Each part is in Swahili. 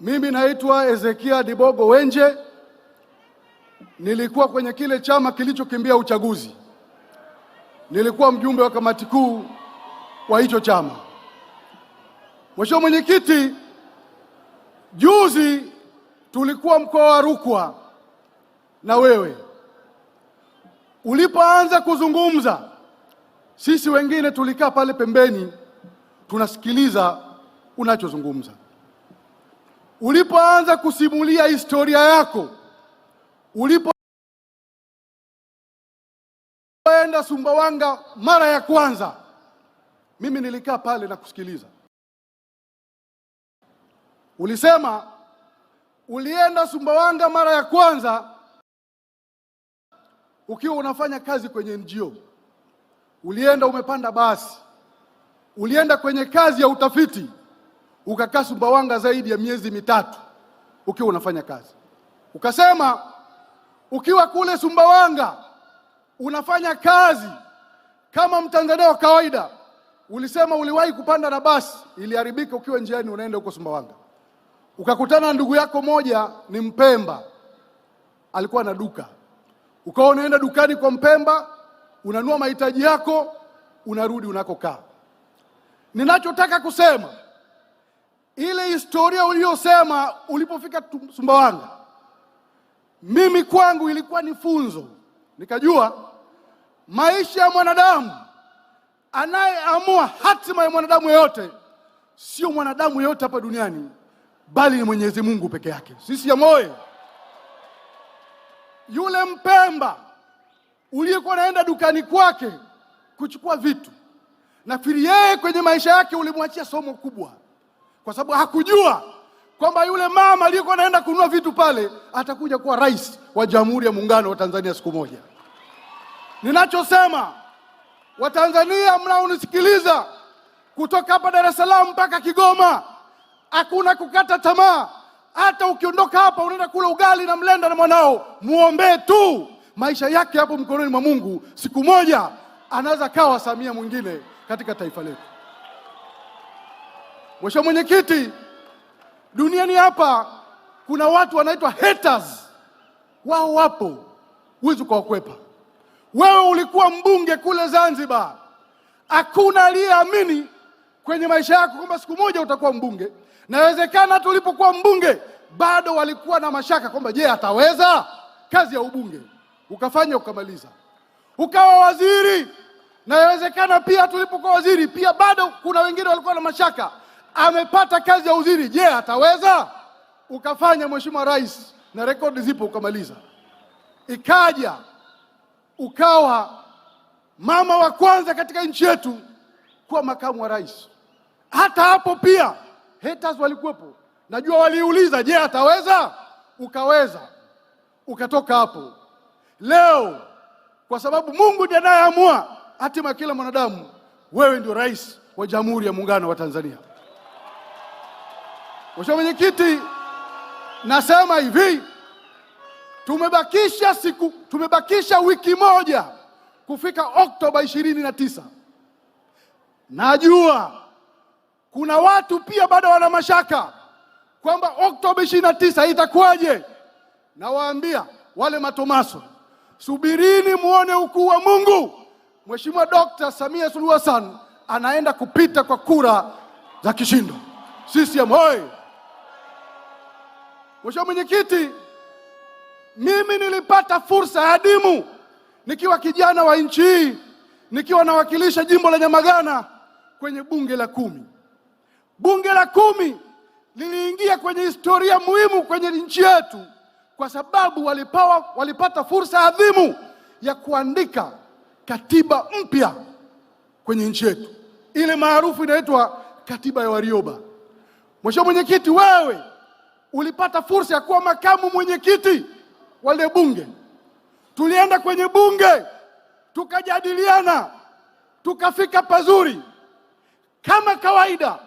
Mimi naitwa Ezekia Dibogo Wenje, nilikuwa kwenye kile chama kilichokimbia uchaguzi, nilikuwa mjumbe wa kamati kuu wa hicho chama. Mheshimiwa Mwenyekiti, juzi tulikuwa mkoa wa Rukwa na wewe ulipoanza kuzungumza, sisi wengine tulikaa pale pembeni tunasikiliza unachozungumza ulipoanza kusimulia historia yako, ulipoenda Sumbawanga mara ya kwanza, mimi nilikaa pale na kusikiliza. Ulisema ulienda Sumbawanga mara ya kwanza ukiwa unafanya kazi kwenye NGO, ulienda umepanda basi, ulienda kwenye kazi ya utafiti ukakaa Sumbawanga zaidi ya miezi mitatu ukiwa unafanya kazi, ukasema ukiwa kule Sumbawanga unafanya kazi kama Mtanzania wa kawaida. Ulisema uliwahi kupanda na basi iliharibika ukiwa njiani unaenda huko Sumbawanga, ukakutana na ndugu yako moja ni Mpemba, alikuwa na duka, ukawa unaenda dukani kwa Mpemba, unanua mahitaji yako, unarudi unakokaa. Ninachotaka kusema ile historia uliyosema ulipofika Sumbawanga, mimi kwangu ilikuwa ni funzo, nikajua maisha ya mwanadamu, anayeamua hatima ya mwanadamu yeyote sio mwanadamu yoyote hapa duniani, bali ni Mwenyezi Mungu peke yake. Sisi ya moyo yule Mpemba uliyekuwa naenda dukani kwake kuchukua vitu, nafikiri yeye kwenye maisha yake ulimwachia somo kubwa kwa sababu hakujua kwamba yule mama aliyekuwa anaenda kununua vitu pale atakuja kuwa rais wa Jamhuri ya Muungano wa Tanzania siku moja. Ninachosema Watanzania mnaonisikiliza kutoka hapa Dar es Salaam mpaka Kigoma, hakuna kukata tamaa. Hata ukiondoka hapa unaenda kula ugali na mlenda na mwanao, muombee tu, maisha yake hapo mkononi mwa Mungu. Siku moja anaweza kawa Samia mwingine katika taifa letu. Mheshimiwa Mwenyekiti, duniani hapa kuna watu wanaitwa haters, wao wapo, huwezi ukawakwepa. Wewe ulikuwa mbunge kule Zanzibar, hakuna aliyeamini kwenye maisha yako kwamba siku moja utakuwa mbunge. Nawezekana hata ulipokuwa mbunge bado walikuwa na mashaka kwamba je, ataweza kazi ya ubunge? Ukafanya ukamaliza, ukawa waziri. Nawezekana pia tulipokuwa waziri pia bado kuna wengine walikuwa na mashaka amepata kazi ya uziri. Je, ataweza? Ukafanya Mheshimiwa Rais, na rekodi zipo, ukamaliza, ikaja ukawa mama wa kwanza katika nchi yetu kuwa makamu wa rais. Hata hapo pia haters walikuwepo, najua waliuliza, je, ataweza? Ukaweza, ukatoka hapo. Leo kwa sababu Mungu ndiye anayeamua hatima ya kila mwanadamu, wewe ndio rais wa Jamhuri ya Muungano wa Tanzania. Mheshimiwa Mwenyekiti, nasema hivi tumebakisha siku, tumebakisha wiki moja kufika Oktoba ishirini na tisa. Najua kuna watu pia bado wana mashaka kwamba Oktoba ishirini na tisa itakuwaje. Nawaambia wale matomaso, subirini muone ukuu wa Mungu. Mheshimiwa dokta Samia Suluhu Hassan anaenda kupita kwa kura za kishindo. CCM oyee! Mheshimiwa Mwenyekiti, mimi nilipata fursa ya adimu nikiwa kijana wa nchi hii nikiwa nawakilisha jimbo la Nyamagana kwenye bunge la kumi. Bunge la kumi liliingia kwenye historia muhimu kwenye nchi yetu kwa sababu walipawa, walipata fursa adhimu ya kuandika katiba mpya kwenye nchi yetu, ile maarufu inaitwa katiba ya Warioba. Mheshimiwa Mwenyekiti, wewe ulipata fursa ya kuwa makamu mwenyekiti wa lile bunge. Tulienda kwenye bunge tukajadiliana, tukafika pazuri. Kama kawaida,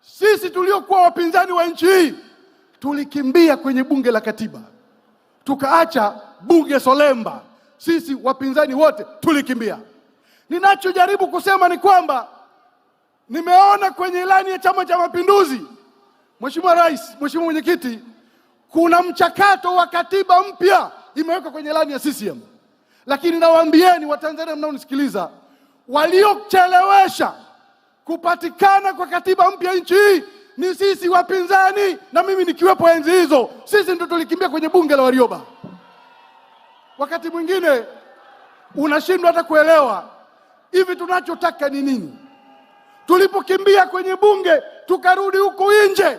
sisi tuliokuwa wapinzani wa nchi hii tulikimbia kwenye bunge la katiba, tukaacha bunge solemba. Sisi wapinzani wote tulikimbia. Ninachojaribu kusema ni kwamba nimeona kwenye ilani ya Chama cha Mapinduzi Mheshimiwa Rais, Mheshimiwa Mwenyekiti, kuna mchakato wa katiba mpya imewekwa kwenye ilani ya CCM, lakini nawaambieni Watanzania mnaonisikiliza, waliochelewesha kupatikana kwa katiba mpya nchi hii ni sisi wapinzani, na mimi nikiwepo enzi hizo. Sisi ndio tulikimbia kwenye bunge la Warioba. Wakati mwingine unashindwa hata kuelewa hivi tunachotaka ni nini. Tulipokimbia kwenye bunge tukarudi huku nje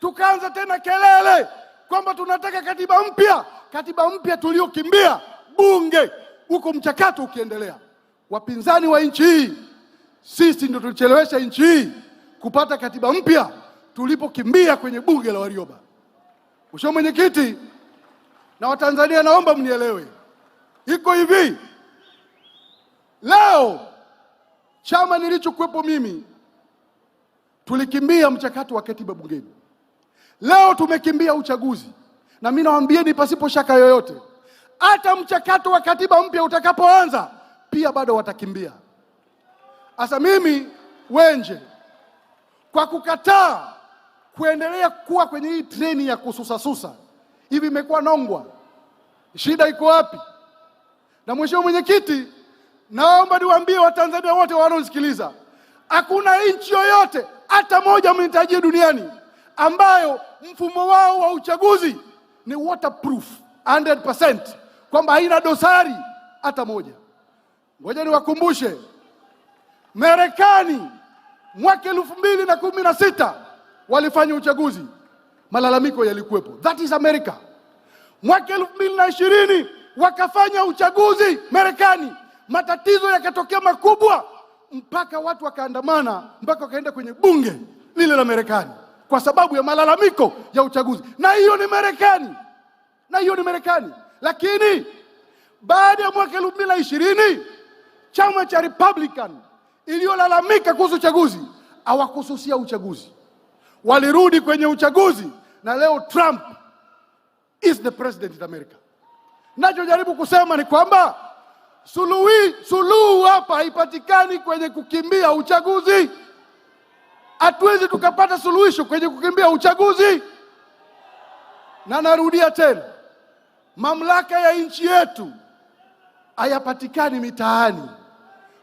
tukaanza tena kelele kwamba tunataka katiba mpya, katiba mpya tuliyokimbia bunge, huko mchakato ukiendelea. Wapinzani wa nchi hii, sisi ndio tulichelewesha nchi hii kupata katiba mpya tulipokimbia kwenye bunge la Warioba. Mheshimiwa Mwenyekiti na Watanzania, naomba mnielewe, iko hivi leo chama nilichokuwepo mimi Tulikimbia mchakato wa katiba bungeni, leo tumekimbia uchaguzi, na mimi nawaambieni pasipo shaka yoyote, hata mchakato wa katiba mpya utakapoanza pia bado watakimbia. Sasa mimi Wenje, kwa kukataa kuendelea kuwa kwenye hii treni ya kususasusa hivi, imekuwa nongwa. Shida iko wapi? Na mheshimiwa mwenyekiti, naomba niwaambie Watanzania wote wanaonisikiliza Hakuna nchi yoyote hata moja mnitajie duniani ambayo mfumo wao wa uchaguzi ni waterproof 100% kwamba haina dosari hata moja. Ngoja niwakumbushe, Marekani mwaka elfu mbili na kumi na sita walifanya uchaguzi, malalamiko yalikuwepo. That is America. Mwaka elfu mbili na ishirini wakafanya uchaguzi Marekani, matatizo yakatokea makubwa mpaka watu wakaandamana mpaka wakaenda kwenye bunge lile la Marekani kwa sababu ya malalamiko ya uchaguzi. Na hiyo ni Marekani, na hiyo ni Marekani. Lakini baada ya mwaka elfu mbili na ishirini chama cha Republican iliyolalamika kuhusu uchaguzi hawakususia uchaguzi, walirudi kwenye uchaguzi, na leo Trump is the president of America. Nachojaribu kusema ni kwamba Suluhi, suluhu hapa haipatikani kwenye kukimbia uchaguzi. Hatuwezi tukapata suluhisho kwenye kukimbia uchaguzi. Na narudia tena, mamlaka ya nchi yetu hayapatikani mitaani.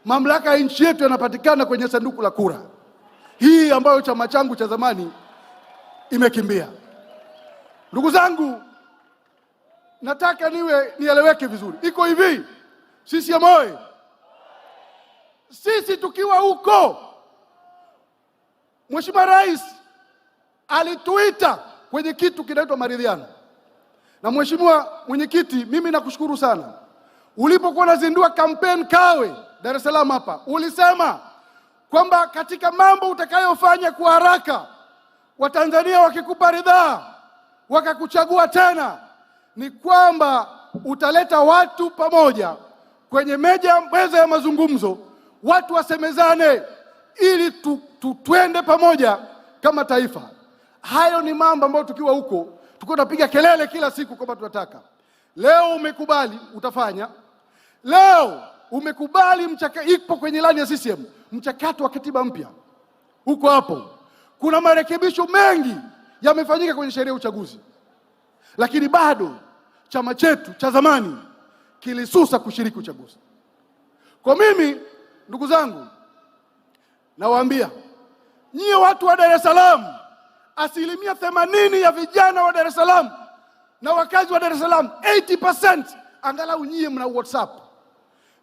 Mamlaka ya nchi yetu yanapatikana kwenye sanduku la kura, hii ambayo chama changu cha zamani imekimbia. Ndugu zangu, nataka niwe nieleweke vizuri, iko hivi CCM oye! Sisi tukiwa huko, Mheshimiwa Rais alituita kwenye kitu kinaitwa maridhiano. Na Mheshimiwa Mwenyekiti, mimi nakushukuru sana ulipokuwa unazindua kampeni Kawe Dar es Salaam hapa, ulisema kwamba katika mambo utakayofanya kwa haraka, Watanzania wakikupa ridhaa wakakuchagua tena, ni kwamba utaleta watu pamoja kwenye meja meza ya mazungumzo watu wasemezane, ili tutwende tu, pamoja kama taifa. Hayo ni mambo ambayo tukiwa huko tuko tunapiga kelele kila siku kwamba tunataka. Leo umekubali utafanya, leo umekubali mchaka, ipo kwenye ilani ya CCM mchakato wa katiba mpya huko hapo. Kuna marekebisho mengi yamefanyika kwenye sheria ya uchaguzi, lakini bado chama chetu cha zamani kilisusa kushiriki uchaguzi. Kwa mimi, ndugu zangu, nawaambia nyie watu wa Dar es Salaam, asilimia themanini ya vijana wa Dar es Salaam na wakazi wa Dar es Salaam 80% angalau nyie mna WhatsApp,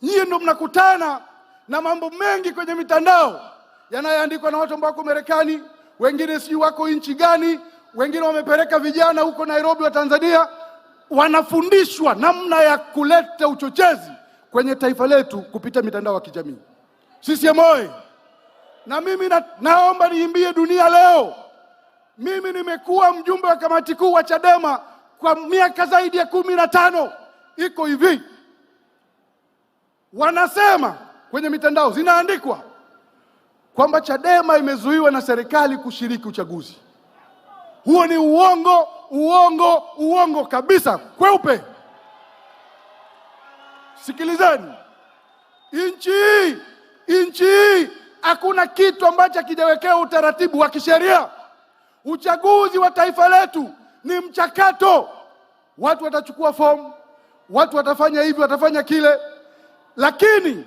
nyie ndio mnakutana na mambo mengi kwenye mitandao yanayoandikwa na watu ambao wako Marekani, wengine sijui wako nchi gani, wengine wamepeleka vijana huko Nairobi wa Tanzania wanafundishwa namna ya kuleta uchochezi kwenye taifa letu kupitia mitandao ya kijamii. CCM oyee! Na mimi na, naomba niimbie dunia leo. Mimi nimekuwa mjumbe wa kamati kuu wa Chadema kwa miaka zaidi ya kumi na tano. Iko hivi, wanasema kwenye mitandao zinaandikwa kwamba Chadema imezuiwa na serikali kushiriki uchaguzi. Huo ni uongo, uongo, uongo kabisa, kweupe. Sikilizeni, nchi hii, nchi hii hakuna kitu ambacho hakijawekewa utaratibu wa kisheria. Uchaguzi wa taifa letu ni mchakato. Watu watachukua fomu, watu watafanya hivi, watafanya kile, lakini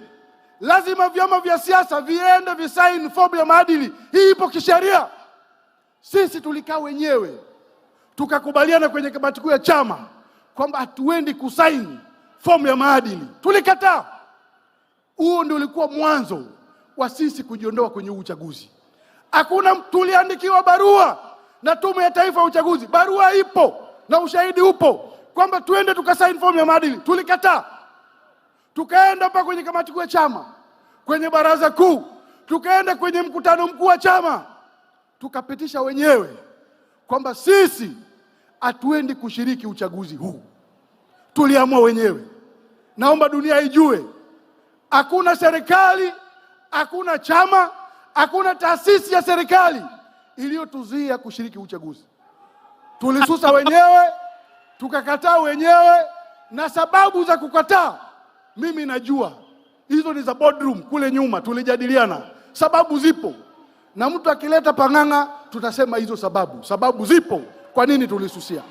lazima vyama vya siasa viende visaini fomu ya maadili. Hii ipo kisheria. Sisi tulikaa wenyewe tukakubaliana kwenye kamati kuu ya chama kwamba hatuendi kusaini fomu ya maadili, tulikataa. Huo ndio ulikuwa mwanzo wa sisi kujiondoa kwenye uchaguzi. Hakuna, tuliandikiwa barua na Tume ya Taifa ya Uchaguzi, barua ipo na ushahidi upo kwamba tuende tukasaini fomu ya maadili, tulikataa. Tukaenda mpaka kwenye kamati kuu ya chama, kwenye baraza kuu, tukaenda kwenye mkutano mkuu wa chama tukapitisha wenyewe kwamba sisi hatuendi kushiriki uchaguzi huu, tuliamua wenyewe. Naomba dunia ijue, hakuna serikali, hakuna chama, hakuna taasisi ya serikali iliyotuzuia kushiriki uchaguzi. Tulisusa wenyewe, tukakataa wenyewe, na sababu za kukataa mimi najua hizo ni za boardroom kule nyuma, tulijadiliana sababu zipo na mtu akileta pang'ang'a tutasema hizo sababu. Sababu zipo kwa nini tulisusia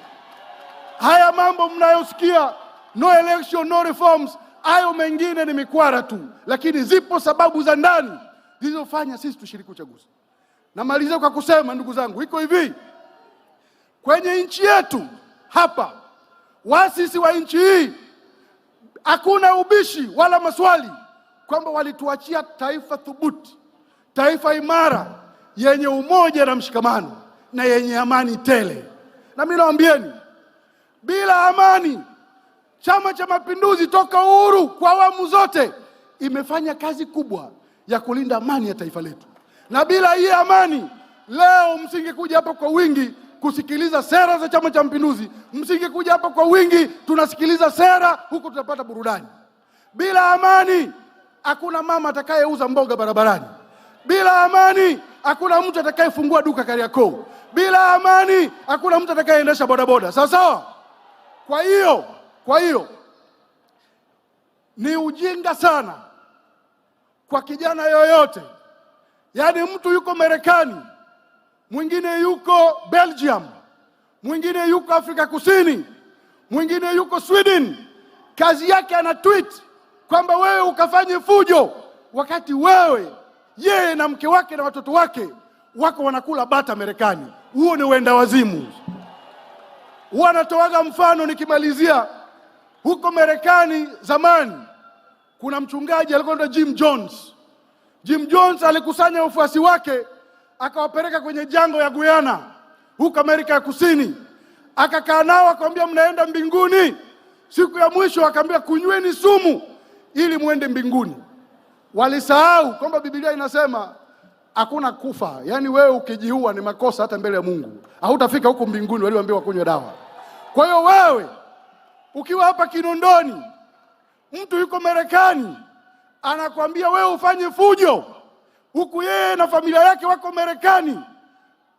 haya mambo mnayosikia, no election no reforms. Hayo mengine ni mikwara tu, lakini zipo sababu za ndani zilizofanya sisi tushiriki uchaguzi. Namalizia kwa kusema, ndugu zangu, iko hivi kwenye nchi yetu hapa, waasisi wa nchi hii hakuna ubishi wala maswali kwamba walituachia taifa thubuti taifa imara yenye umoja na mshikamano na yenye amani tele. Na mimi nawaambieni, bila amani, Chama cha Mapinduzi toka uhuru kwa awamu zote imefanya kazi kubwa ya kulinda amani ya taifa letu, na bila hii amani leo msingekuja hapa kwa wingi kusikiliza sera za Chama cha Mapinduzi, msingekuja hapa kwa wingi tunasikiliza sera huku tunapata burudani. Bila amani hakuna mama atakayeuza mboga barabarani. Bila amani hakuna mtu atakayefungua duka Kariakoo. Bila amani hakuna mtu atakayeendesha bodaboda, sawa sawa. Kwa hiyo kwa hiyo ni ujinga sana kwa kijana yoyote, yaani mtu yuko Marekani, mwingine yuko Belgium, mwingine yuko Afrika Kusini, mwingine yuko Sweden, kazi yake ana tweet kwamba wewe ukafanye fujo wakati wewe yeye na mke wake na watoto wake wako wanakula bata Marekani. Huo ni uenda wazimu. Wanatoaga mfano nikimalizia, huko Marekani zamani kuna mchungaji alikuwa anaitwa Jim Jones. Jim Jones alikusanya wafuasi wake akawapeleka kwenye jango ya Guyana huko Amerika ya Kusini, akakaa nao akamwambia, mnaenda mbinguni. Siku ya mwisho akamwambia, kunyweni sumu ili muende mbinguni. Walisahau kwamba Biblia inasema hakuna kufa, yaani wewe ukijiua ni makosa hata mbele ya Mungu, hautafika huko mbinguni walioambiwa kunywa dawa. Kwa hiyo wewe ukiwa hapa Kinondoni, mtu yuko Marekani anakwambia wewe ufanye fujo huku, yeye na familia yake wako Marekani,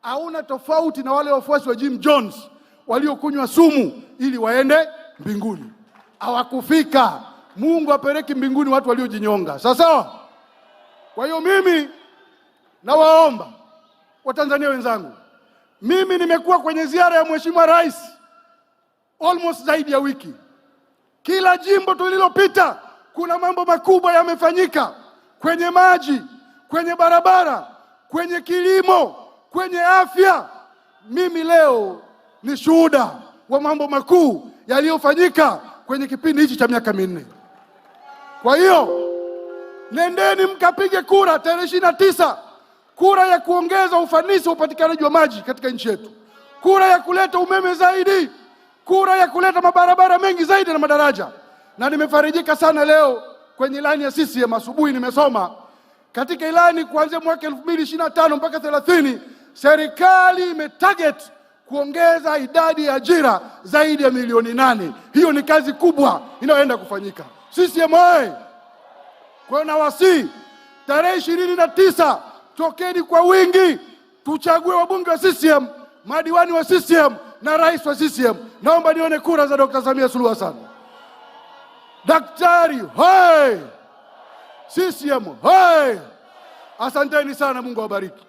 hauna tofauti na wale wafuasi wa Jim Jones waliokunywa sumu ili waende mbinguni, hawakufika. Mungu apeleki mbinguni watu waliojinyonga, sawa sawa. Kwa hiyo mimi nawaomba Watanzania wenzangu, mimi nimekuwa kwenye ziara ya Mheshimiwa Rais almost zaidi ya wiki. Kila jimbo tulilopita kuna mambo makubwa yamefanyika kwenye maji, kwenye barabara, kwenye kilimo, kwenye afya. Mimi leo ni shuhuda wa mambo makuu yaliyofanyika kwenye kipindi hichi cha miaka minne. Kwa hiyo nendeni mkapige kura tarehe ishirini na tisa, kura ya kuongeza ufanisi wa upatikanaji wa maji katika nchi yetu, kura ya kuleta umeme zaidi, kura ya kuleta mabarabara mengi zaidi na madaraja. Na nimefarijika sana leo kwenye ilani ya CCM asubuhi nimesoma katika ilani kuanzia mwaka tano mpaka 30 serikali imetarget kuongeza idadi ya ajira zaidi ya milioni nane. Hiyo ni kazi kubwa inayoenda kufanyika. CCM oye! Kwa hiyo nawasihi, tarehe ishirini na tisa tokeni kwa wingi, tuchague wabunge wa CCM, madiwani wa CCM na rais wa CCM. Naomba nione kura za dokta Samia Suluhu Hassan. Daktari hoye! CCM hoye! Asanteni sana, Mungu awabariki.